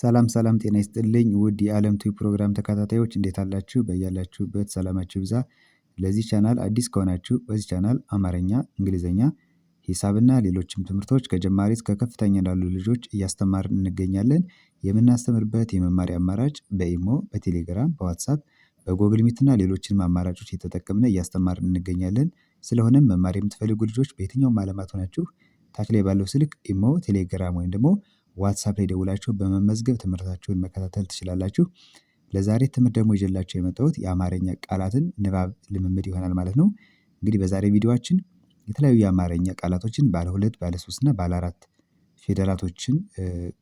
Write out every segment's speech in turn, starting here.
ሰላም ሰላም ጤና ይስጥልኝ ውድ የዓለም ቱ ፕሮግራም ተከታታዮች እንዴት አላችሁ? በያላችሁበት ሰላማችሁ ብዛ ለዚህ ቻናል አዲስ ከሆናችሁ በዚህ ቻናል አማርኛ፣ እንግሊዝኛ፣ ሂሳብና ሌሎችም ትምህርቶች ከጀማሪ እስከ ከፍተኛ ላሉ ልጆች እያስተማርን እንገኛለን። የምናስተምርበት የመማሪያ አማራጭ በኢሞ፣ በቴሌግራም፣ በዋትሳፕ፣ በጎግል ሚትና ሌሎችንም አማራጮች የተጠቀምነ እያስተማርን እንገኛለን። ስለሆነም መማር የምትፈልጉ ልጆች በየትኛውም አለማት ሆናችሁ ታች ላይ ባለው ስልክ ኢሞ፣ ቴሌግራም ወይም ደግሞ ዋትሳፕ ላይ ደውላችሁ በመመዝገብ ትምህርታችሁን መከታተል ትችላላችሁ። ለዛሬ ትምህርት ደግሞ ይዤላችሁ የመጣሁት የአማርኛ ቃላትን ንባብ ልምምድ ይሆናል ማለት ነው። እንግዲህ በዛሬ ቪዲዮችን የተለያዩ የአማርኛ ቃላቶችን ባለ ሁለት፣ ባለ ሶስት እና ባለ አራት ፊደላቶችን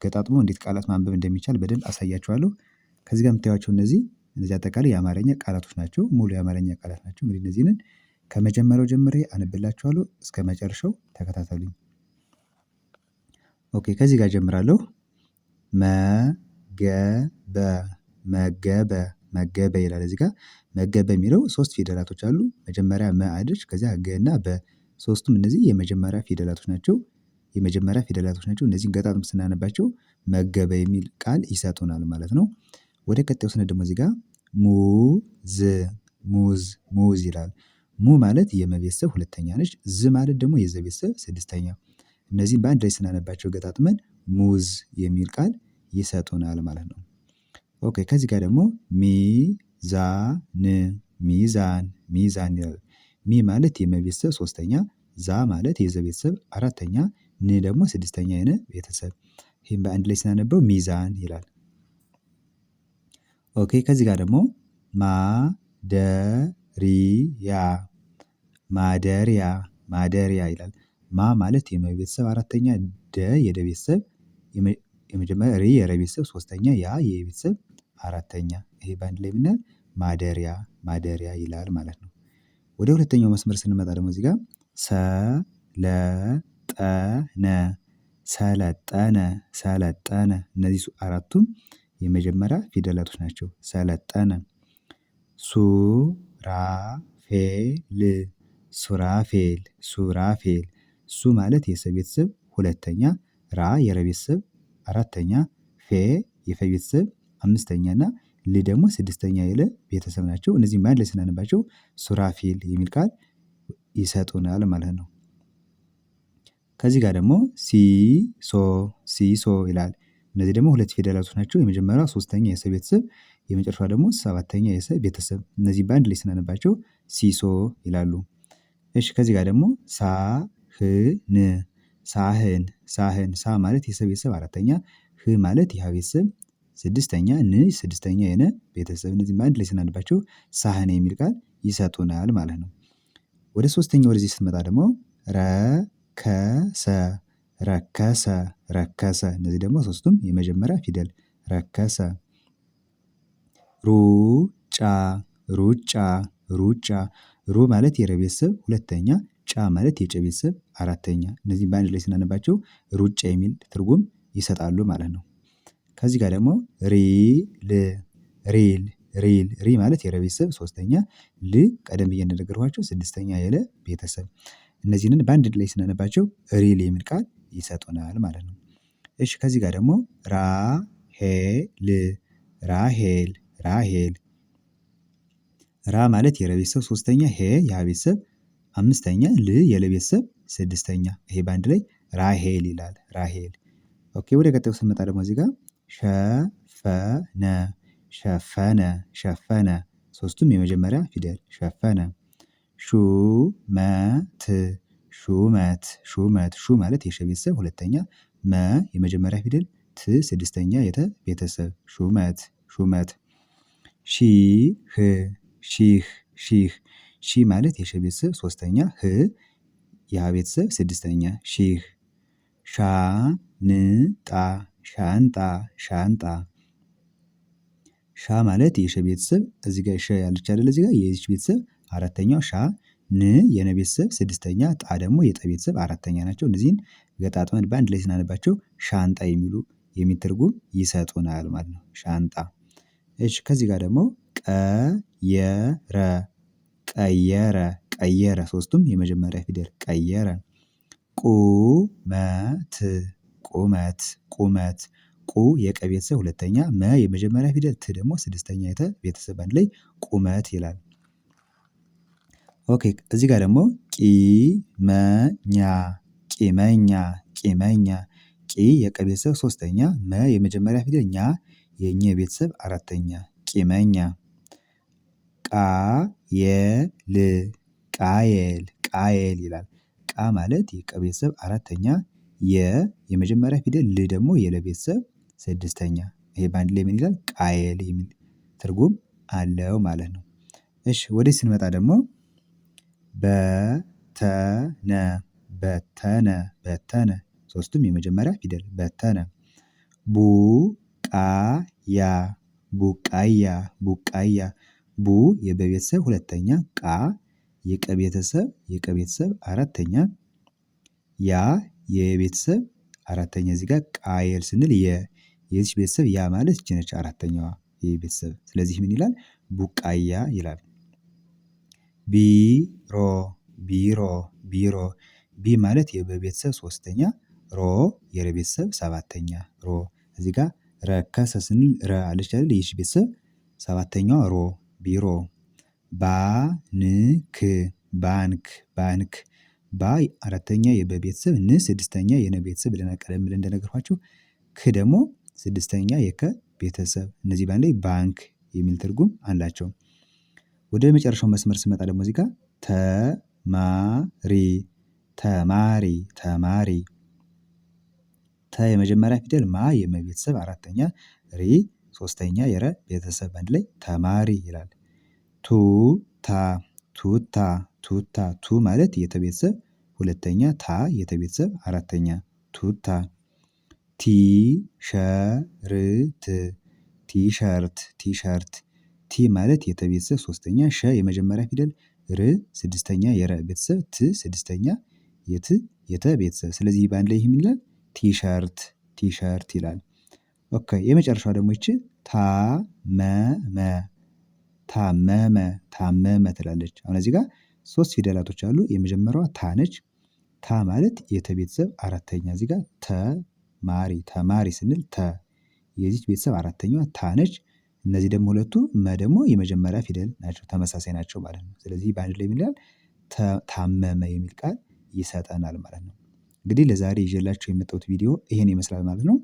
ገጣጥሞ እንዴት ቃላት ማንበብ እንደሚቻል በደንብ አሳያችኋለሁ። ከዚህ ጋር የምታያቸው እነዚህ እነዚህ አጠቃላይ የአማርኛ ቃላቶች ናቸው። ሙሉ የአማርኛ ቃላት ናቸው። እንግዲህ እነዚህንን ከመጀመሪያው ጀምሬ አነብላችኋለሁ። እስከ መጨረሻው ተከታተሉኝ። ኦኬ ከዚህ ጋር ጀምራለሁ። መገበ መገበ መገበ ይላል እዚህ ጋር መገበ የሚለው ሶስት ፊደላቶች አሉ መጀመሪያ መ አለች ከዚያ ገ እና በ ሶስቱም እነዚህ የመጀመሪያ ፊደላቶች ናቸው። የመጀመሪያ ፊደላቶች ናቸው እነዚህን ገጣጥም ስናነባቸው መገበ የሚል ቃል ይሰጡናል ማለት ነው። ወደ ቀጣዩ ስነ ደግሞ እዚህ ጋር ሙዝ ሙዝ ሙዝ ይላል ሙ ማለት የመ ሁለተኛ ነች ዝ ማለት ደግሞ የዘ ስድስተኛ እነዚህም በአንድ ላይ ስናነባቸው ገጣጥመን ሙዝ የሚል ቃል ይሰጡናል ማለት ነው። ኦኬ ከዚህ ጋር ደግሞ ሚዛን ሚዛን ሚዛን ይላል። ሚ ማለት የመቤተሰብ ቤተሰብ ሶስተኛ፣ ዛ ማለት የዘ ቤተሰብ አራተኛ፣ ን ደግሞ ስድስተኛ የነ ቤተሰብ። ይህም በአንድ ላይ ስናነበው ሚዛን ይላል። ኦኬ ከዚህ ጋር ደግሞ ማደሪያ ማደሪያ ማደሪያ ይላል። ማ ማለት የመ ቤተሰብ አራተኛ ደ የደ ቤተሰብ የመጀመሪያ ሬ የረ ቤተሰብ ሶስተኛ ያ የቤተሰብ አራተኛ ይሄ በአንድ ላይ ምናል ማደሪያ ማደሪያ ይላል ማለት ነው። ወደ ሁለተኛው መስመር ስንመጣ ደግሞ እዚህ ጋር ሰለጠነ ሰለጠነ ሰለጠነ እነዚህ አራቱም የመጀመሪያ ፊደላቶች ናቸው። ሰለጠነ ሱራፌል ሱራፌል ሱራፌል ሱ ማለት የሰ ቤተሰብ ሁለተኛ ራ የረ ቤተሰብ አራተኛ ፌ የፈ ቤተሰብ አምስተኛ እና ል ደግሞ ስድስተኛ የለ ቤተሰብ ናቸው። እነዚህ ማለት ላይ ስናነባቸው ሱራፊል የሚል ቃል ይሰጡናል ማለት ነው። ከዚህ ጋር ደግሞ ሲሶ ሲሶ ይላል። እነዚህ ደግሞ ሁለት ፊደላቶች ናቸው። የመጀመሪያ ሶስተኛ የሰ ቤተሰብ ደግሞ ሰባተኛ የሰ ቤተሰብ። እነዚህ በአንድ ላይ ስናነባቸው ሲሶ ይላሉ። እሺ ከዚህ ጋር ደግሞ ሳ ህን ሳህን ሳህን ሳ ማለት የሰ ቤተሰብ አራተኛ ህ ማለት የሀ ቤተሰብ ስድስተኛ ን ስድስተኛ የነ ቤተሰብ እነዚህ በአንድ ላይ ስናነባቸው ሳህን የሚል ቃል ይሰጡናል ማለት ነው። ወደ ሶስተኛ ወደዚህ ስትመጣ ደግሞ ረከሰ ረከሰ ረከሰ እነዚህ ደግሞ ሶስቱም የመጀመሪያ ፊደል ረከሰ። ሩጫ ሩጫ ሩጫ ሩ ማለት የረ ቤተሰብ ሁለተኛ ጫ ማለት የጨ ቤተሰብ አራተኛ እነዚህ በአንድ ላይ ስናነባቸው ሩጫ የሚል ትርጉም ይሰጣሉ ማለት ነው። ከዚህ ጋር ደግሞ ሪል ሪል ሪል ሪ ማለት የረ ቤተሰብ ሶስተኛ ል ቀደም ብዬ እንደነገርኳቸው ስድስተኛ የለ ቤተሰብ እነዚህንን በአንድ ላይ ስናነባቸው ሪል የሚል ቃል ይሰጡናል ማለት ነው። እሺ ከዚህ ጋር ደግሞ ራሄል ራሄል ራሄል ራ ማለት የረ ቤተሰብ ሶስተኛ ሄ የሀ ቤተሰብ አምስተኛ ል የለ ቤተሰብ ስድስተኛ ይሄ በአንድ ላይ ራሄል ይላል። ራሄል ኦኬ። ወደ ቀጣዩ ስንመጣ ደግሞ እዚህ ጋር ሸፈነ ሸፈነ ሸፈነ ሶስቱም የመጀመሪያ ፊደል ሸፈነ። ሹመት ሹመት ሹመት ሹ ማለት የሸ ቤተሰብ ሁለተኛ መ የመጀመሪያ ፊደል ት ስድስተኛ የተ ቤተሰብ ሹመት ሹመት። ሺህ ሺህ ሺህ ሺ ማለት የሸ ቤተሰብ ሶስተኛ ህ የሀ ቤተሰብ ስድስተኛ ሺህ ሻንጣ ሻንጣ ሻንጣ ሻ ማለት የሸ ቤተሰብ እዚህ ጋር ሸ ያለች አይደል? እዚህ ጋር የዚች ቤተሰብ አራተኛው ሻ ን የነ ቤተሰብ ስድስተኛ ጣ ደግሞ የጠ ቤተሰብ አራተኛ ናቸው። እነዚህን ገጣጥመን በአንድ ላይ ስናነባቸው ሻንጣ የሚሉ የሚትርጉም ይሰጡናል ማለት ነው። ሻንጣ። እሺ ከዚህ ጋር ደግሞ ቀየረ ቀየረ ቀየረ ሶስቱም የመጀመሪያ ፊደል ቀየረ። ቁመት ቁመት ቁመት ቁ የቀ ቤተሰብ ሁለተኛ መ የመጀመሪያ ፊደል ት ደግሞ ስድስተኛ የተ ቤተሰብ አንድ ላይ ቁመት ይላል። ኦኬ እዚህ ጋር ደግሞ ቂመኛ ቂመኛ ቂመኛ ቂ የቀ ቤተሰብ ሶስተኛ መ የመጀመሪያ ፊደል ኛ የኘ የቤተሰብ አራተኛ ቂመኛ ቃየል ቃየል ቃየል ይላል ቃ ማለት የቀ ቤተሰብ አራተኛ የ የመጀመሪያ ፊደል ል ደግሞ የለ ቤተሰብ ስድስተኛ ይሄ በአንድ ላይ ምን ይላል ቃየል የሚል ትርጉም አለው ማለት ነው። እሺ ወደ ስንመጣ ደግሞ በተነ በተነ በተነ ሶስቱም የመጀመሪያ ፊደል በተነ ቡቃያ ቡቃያ ቡቃያ ቡ የበቤተሰብ ሁለተኛ ቃ የቀ ቤተሰብ የቀ ቤተሰብ አራተኛ ያ የቤተሰብ አራተኛ እዚህ ጋር ቃየል ስንል የ የዚች ቤተሰብ ያ ማለት ይቺ ነች አራተኛዋ የቤተሰብ ስለዚህ ምን ይላል ቡቃያ ይላል። ቢሮ ቢሮ ቢሮ ቢ ማለት የበቤተሰብ ሶስተኛ ሮ የረቤተሰብ ሰባተኛ ሮ እዚህ ጋር ረከሰ ስንል ረ አለች አይደል ይቺ ቤተሰብ ሰባተኛዋ ሮ ቢሮ ባንክ ባንክ ባንክ ባ አራተኛ የበ ቤተሰብ ን ስድስተኛ የነ ቤተሰብ ብለናል ቀደም ብለን እንደነገርኳችሁ ክ ደግሞ ስድስተኛ የከ ቤተሰብ እነዚህ በአንድ ላይ ባንክ የሚል ትርጉም አላቸው። ወደ መጨረሻው መስመር ስመጣ ደግሞ እዚህ ጋር ተማሪ ተማሪ ተማሪ ተ የመጀመሪያ ፊደል ማ የመ ቤተሰብ አራተኛ ሪ ሶስተኛ የረ ቤተሰብ በአንድ ላይ ተማሪ ይላል ቱታ ቱታ ቱታ ቱ ማለት የተቤተሰብ ሁለተኛ ታ የተቤተሰብ አራተኛ ቱታ ቲሸርት ቲሸርት ቲሸርት ቲ ማለት የተቤተሰብ ሶስተኛ ሸ የመጀመሪያ ፊደል ር ስድስተኛ የረ ቤተሰብ ት ስድስተኛ የት የተ ቤተሰብ ስለዚህ በአንድ ላይ ይህ ምን ይላል ቲሸርት ቲሸርት ይላል። ኦኬ የመጨረሻው ደግሞ ይች ታመመ ታመመ ታመመ ትላለች አሁን እዚህ ጋር ሶስት ፊደላቶች አሉ የመጀመሪያዋ ታ ነች። ታ ማለት የተ ቤተሰብ አራተኛ እዚህ ጋር ተማሪ ተማሪ ስንል ተ የዚች ቤተሰብ አራተኛዋ ታ ነች። እነዚህ ደግሞ ሁለቱ መ ደግሞ የመጀመሪያ ፊደል ናቸው ተመሳሳይ ናቸው ማለት ነው። ስለዚህ በአንድ ላይ ምን ይላል? ታመመ የሚል ቃል ይሰጠናል ማለት ነው። እንግዲህ ለዛሬ ይዤላችሁ የመጣሁት ቪዲዮ ይሄን ይመስላል ማለት ነው።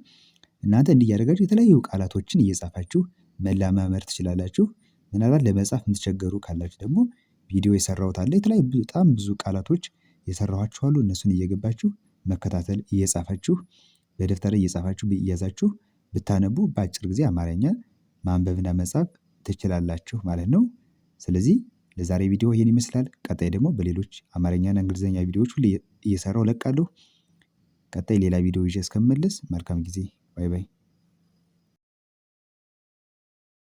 እናንተ እንዲህ እያደረጋችሁ የተለያዩ ቃላቶችን እየጻፋችሁ መለማመድ ትችላላችሁ ምናልባት ለመጻፍ የምትቸገሩ ካላችሁ ደግሞ ቪዲዮ የሰራሁት አለ የተለያዩ በጣም ብዙ ቃላቶች የሰራኋችኋሉ። እነሱን እየገባችሁ መከታተል እየጻፋችሁ በደፍተር እየጻፋችሁ እያዛችሁ ብታነቡ በአጭር ጊዜ አማርኛ ማንበብና መጻፍ ትችላላችሁ ማለት ነው። ስለዚህ ለዛሬ ቪዲዮ ይሄን ይመስላል። ቀጣይ ደግሞ በሌሎች አማርኛና እንግሊዘኛ ቪዲዮዎች ሁሌ እየሰራው እለቃለሁ። ቀጣይ ሌላ ቪዲዮ ይዤ እስከምመለስ መልካም ጊዜ። ባይ ባይ